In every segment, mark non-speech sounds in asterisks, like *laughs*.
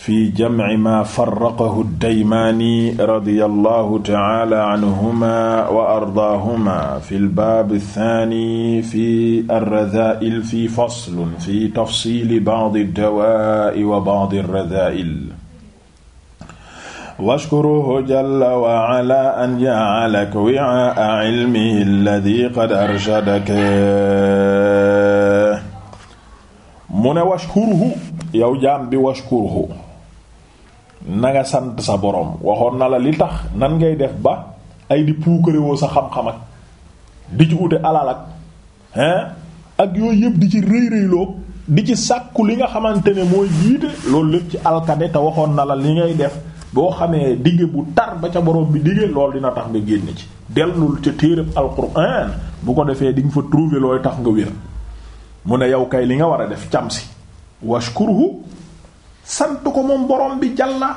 fi jamci ma farraqahu ddaymaani radiyallahu ta'ala anhuma wa ardaahuma fil baab thaani fi arradhaa'il fi faslun fi tafsiili ba'di dawaa'i wa ba'di arradhaa'il. washkuruhu jalla wa cala an ja'alaka wicaa'a cilmihi alladhii qad arshadaka. mu ne washkuruhu yow jaam bi washkuruhu. na nga sant sa borom waxoon na la li tax nan ngay def ba ay di puukarewoo sa xam-xam ak di ci ute alal ak hein ak yooyu yëpp di ci rëy rëyloo di ci sàkku li nga xamante ne mooy jiite loolu lépp ci alkade te waxoon na la li ngay def boo xamee digge bu tar ba ca borom bi digge lool dina tax nga génn ci dellul ci téeréb alquran bu ko defee di nga fa trouver tax nga wér mu ne yow kay li nga war a def cam si washkurhu sant ko moom borom bi jàlla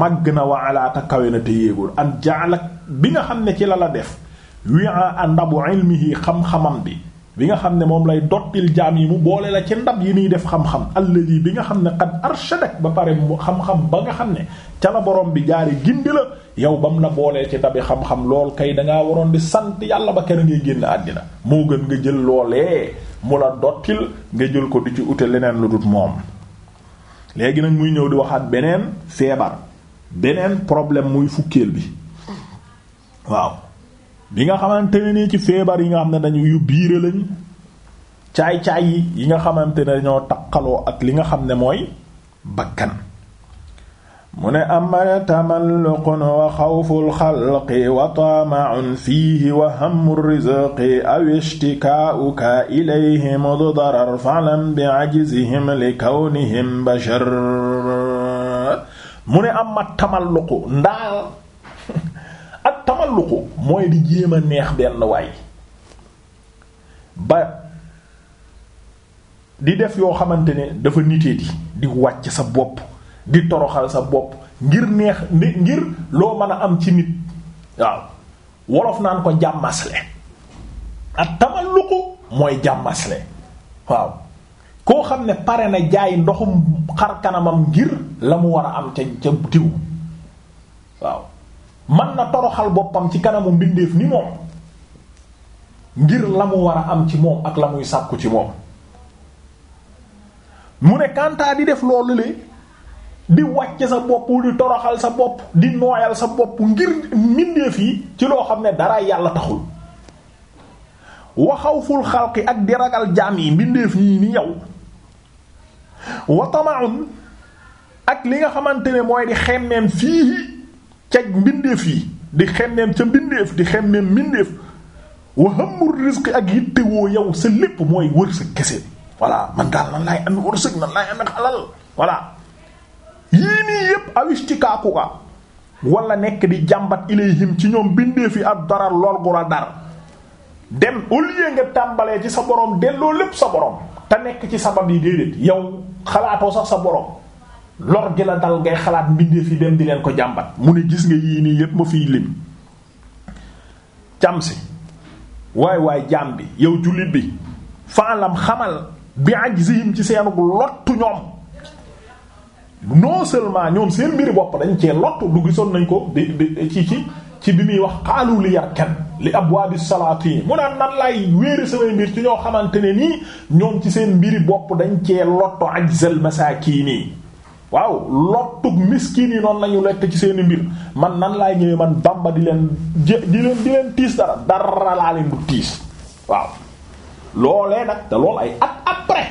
màgg na wa alaata kawe na te yéegul an jaalak bi nga xam ne ci la la def wi a ndabu ilmihi xam-xamam bi bi nga xam ne moom lay dottil jaam yi mu boole la ci ndab yi niy def xam-xam alladi bi nga xam ne qad arshadak ba pare xam-xam ba nga xam ne ca la borom bi jaari gindi la yow ba mu la boolee ci ndabi xam-xam lool kay dangaa waroon di sant yàlla ba kenn ngay génn àddina moo gën nga jël loolee mu la dottil nga jël ko di ci ute leneen lu dut moom léegi nag muy ñëw di waxaat beneen feebar beneen problème muy fukkeel bi waaw bi nga xamante ne nii ci feebar yi nga xam ne dañu yu biire lañ caay-caay yi nga xamante ne dañoo takkaloo ak li nga xam ne mooy bakkan mu ne amma tamalluqun wa xawful xalqi wa taama'un fiihi wa hammu rizqi aw ishtika'uka ilayhi muddarar fa'lam bi'ajzihim li kawnihim bashar mu ne amma tamalluqu ndaal *laughs* ak tamalluqu mooy di jéem a neex benn waay ba di def yoo xamante ne dafa nitee di di wàcc sa bopp di toroxal sa bopp ngir neex ngir loo mën a am ci nit waaw wolof naan ko jàmmasle ak tamalluqu mooy jàmmasle waaw koo xam ne pare na jaay ndoxum xar kanamam ngir la mu war a am ca na toroxal boppam ci kanamu mbindeef ni moom ngir am ci ak la muy sàkku ci moom mu ne kantaa di def loolu le di wàcc sa bopp di toroxal sa bopp di nooyal sa bopp ngir mbindeef yi ci loo xam ne dara yàlla taxul waxawful xalqi ak di ragal jaam yi mbindeef ñii ni yow wa ak li nga xamante ne mooy di xemmeem fii ca mbindeef yi di xemmeem ca mbindeef di xemmeem mbindeef wa hamul ak yittewoo yow sa lépp mooy wërsëg kese voilà man daal nan laay amee wërsëg nan laay amee xalal voilà yii nii yépp awistikaaku ka wala nekk di jàmbat ilayhim ci ñoom bindee fi ab darar lor gu la dar dem au lieu nga tàmbalee ci sa borom delloo lépp sa borom te nekk ci sabab yi déedéet yow xalaatoo sax sa borom lor gi la dal ngay xalaat mbindee fi dem di leen ko jàmbat mu ne gis nga yii nii yépp ma fiy lim cam si waay waay jaam bi yow jullit bi faalam xamal bi ajzihim ci seenu lottu ñoom non seulement ñoom seen mbiri bopp dañ cee lottu du gisoon nañ ko di di ci ci ci bi muy wax xaalu li yarkan li abwaabi salaatin mu naan nan laay wéere samay mbir ci ñoo xamante ne nii ñoom ci seen mbiri bopp dañ cee lottu kii nii waaw lottug miskin yi noonu lañu lekk ci seeni mbir man nan laay ñëwee man bamba di di leen di leen tiis dara dara laa leen du tiis waaw loolee nag te lool ay at après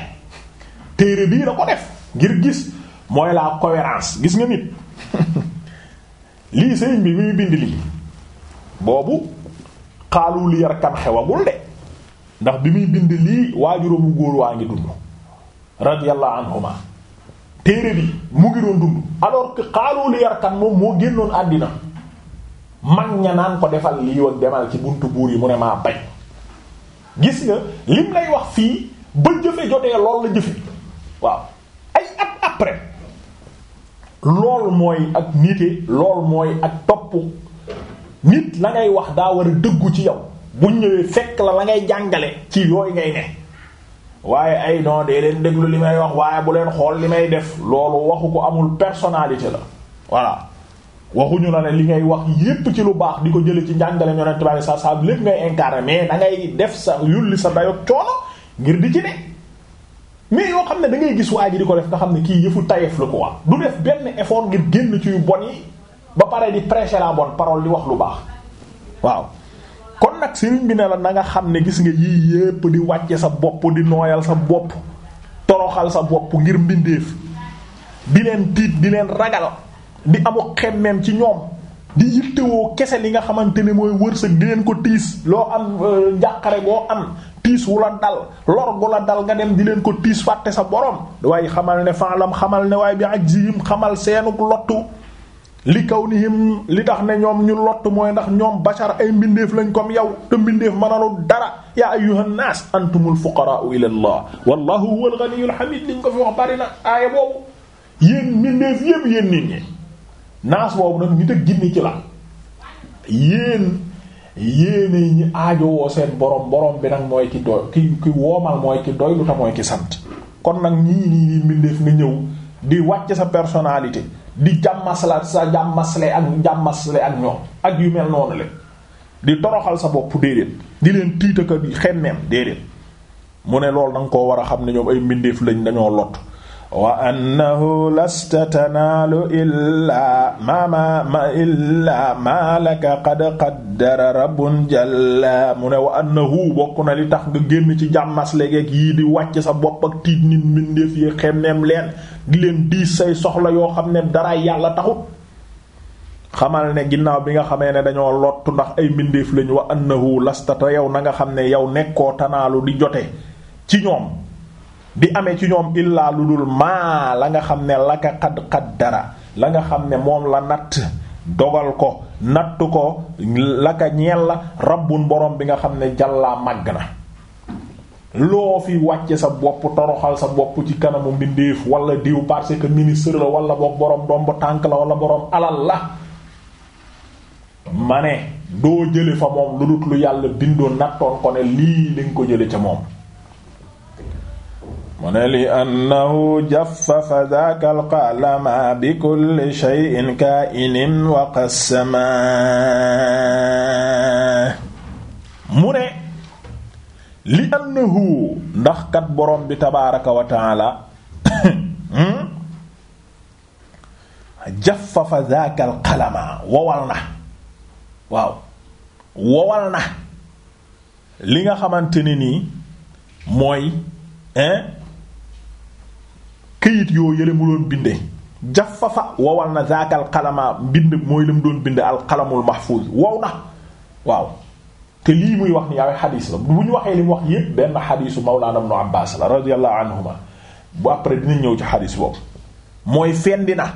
téere bii da ko def ngir gis mooy la cohérence gis nga nit lii sëñ bi muy bind lii boobu xaalu li yar xewagul de ndax bi muy bind lii waajuramu góor waa ngi dund radiyallahu anhuma téere bi mu ngi doon dund alors que xaalu li moom moo génnoon àddina mag ña naan ko defal lii wag demal ci buntu buur yi mu ne maa bañ gis nga lim lay wax fii ba jëfe jotee lool la jëfe waaw ay at après loolu mooy ak nite loolu mooy ak topp nit la ngay wax daa war a dëggu ci yow bu ñëwee fekk la la ngay jàngale ci yooyu ngay ne waaye ay non dee leen déglu li may wax waaye bu leen xool li may def loolu waxu ko amul personnalité la voilà waxuñu la ne li ngay wax yépp ci lu baax di ko jële ci njàngale yonent bi sallallahu alayhi wasallam lépp ngay incarner mais dangay ngay def sa yulli sa dayo coono ngir di ci ne mais yoo xam ne dangay gis waa ji di ko def nga xam ne kii yëfu tayef la ko wax du def benn effort ngir génn ci yu bon yi ba pare di prêcher la bonne di wax lu baax waaw kon nag sëriñ bi ne la na nga xam ne gis nga yii yépp di wàcce sa bopp di nooyal sa bopp toroxal sa bopp ngir mbindeef di leen tiit di leen ragal di amu xemmeem ci ñoom di yittewoo kese li nga xamante ne mooy wërsëg di leen ko tiis loo am euh, njàqare goo am tiis wu la dal lor la dal nga dem di leen ko tiis fàtte sa borom waaye xamal ne faalam xamal ne waaye bi ajzihim xamal seenuk lottu li kaw nihim li tax ne ñoom ñu lottu mooy ndax ñoom bashar ay mbindeef lañ comme yow te mbindeef mënalu dara yaa ayyuhan naas antumul fuqaraa'u ila allah wallahu huwal ghaniyyul hamiid liñ ko fi wax bari na aaya boobu yéen mbindeef yépp yéen nit ñi naas boobu nag nit ak jinni ci la yéen yéene yi ñu aajowoo seen borom borom bi nag mooy ki doy ki ki woomal mooy ki doy mooy ki sant kon nag ñii nii nii mbindeef nga ñëw di wàcc sa personnalité di jàmmasla sa jàmmasle ak jàmmasle ak ñoom ak yu mel noonu la di toroxal sa bopp déedéet di leen tiitaka di xemmeem déedéet mu ne loolu da nga koo war a xam ne ñoom ay mbindeef lañ dañoo lot wa annahu lasta tanaalu illaa ma ma ma illaa ma laka qad qaddara rabbun mu ne wa annahu bokk na li tax nga génn ci jàmmas légeeg yii di wàcc sa bopp ak tiit nit mbindeef yi xemmeem leen di leen diis say soxla yoo xam ne dara yàlla taxut xamal ne ginnaaw bi nga xamee ne dañoo lott ndax ay mbindeef lañu wa annahu lasta yow na nga xam ne yow nekkoo tanaalu di jote ci ñoom di amee ci ñoom illaa lu dul maa la nga xam ne laka xad xad dara la nga xam ne moom la natt dogal ko natt ko laka ñeel la rabbun borom bi nga xam ne jàllaa màgg na loo fi wàcce sa bopp toroxal sa bopp ci kanamu mbindeef wala diw parce que ministre la wala boog borom domb tànk la wala borom alal la ma ne doo jële fa moom lu dut lu yàlla bindoo nattoon ko ne lii li ko jële ca moom mu ne li annahu jaffafa dhaka alqalama bi kulli shay'in kaa'inin wa qassama mu ne li annahu ndax kat borom bi tabaaraka wa taala *coughs* jaffafa dhaka alqalama wowal na waaw wowal na li nga xamante ne nii mooy hein këyit yoo yële mu doon binde jaffafa wawal na zaakal xalama mbind mooy la doon bind al xalamul mahfuz wow na waaw te lii muy wax ni yaawee xadiis la bu ñu waxee li mu wax yépp benn xadiisu mawlaana ibnu abbaas la radiyallahu anhuma bu après dinañ ñëw ci xadiis boobu mooy fendi na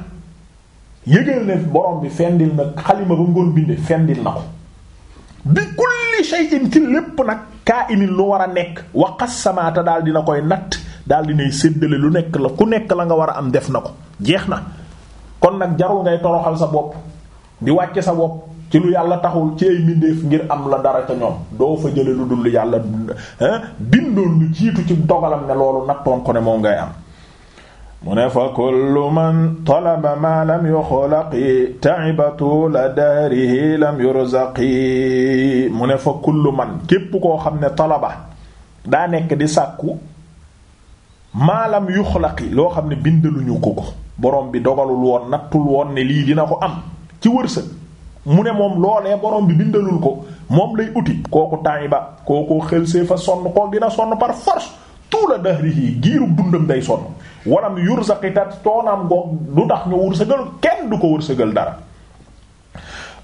yëgal ne borom bi fendil na xalima ba mu doon fendil na ko bi kulli shay'in ci lépp nag kaa inin lu war a nekk wa qassamaata daal dina koy natt daal di nay séddale lu nekk la ku nekk la nga war a am def na ko jeex na kon nag jarul ngay toroxal sa bopp di wàcce sa bopp ci lu yàlla taxul ci ay mbindeef ngir am la dara ca ñoom doo fa jële lu dul yàlla bindoon lu jiitu ci dogalam ne loolu nattoon ko ne moom ngay am mu ne fa kullu man talaba ma lam yuxlaqi ta'ibatu la dahrihi lam yurzaqi mu ne fa kullu man képp koo xam ne talaba daa nekk di sàkku maalam yuxlaqi loo xam ne bindaluñu ko ko borom bi dogalul woon nattul woon ne lii dina ko am ci wërsëg mu ne moom loolee borom bi bindalul ko moom lay uti kooku temps yi ba kooku xelsee fa sonn koo dina sonn par force tout la dahrihi giirub dundam day sonn walam yursaqi tat toonam goog du tax ñu wërsëgal kenn du ko wërsëgal dara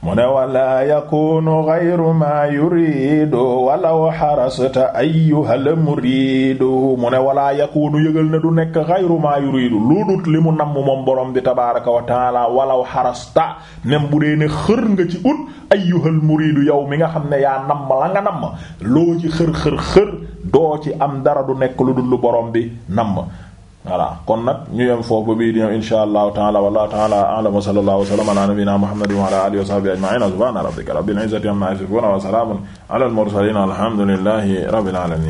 mu ne wala yakunu ghayru ma yuridu walaw xarasta ayyuhal muridu mu ne wala yakunu yëgal ne du nekk ghayru ma yuridu lu dut li mu namm moom borom bi tabaraka wa taala walaw xarasta même bu dee ne xër nga ci ut ayyuhal muridu yow mi nga xam ne yaa namm la nga namm loo ci xër xër xër doo ci am dara du nekk lu dul lu borom bi namm voilà kon nag ñu yem foofu bii di ñëw insha allahu taala wallahu taala a'lam wa sallallahu wa sallama ala nabiyyina muhammadin wa ala alihi wa sahbihi ajma'in subhana rabbika rabbil izzati amma yasifun wa salamun ala al mursalin alhamdulillahi rabbil alamin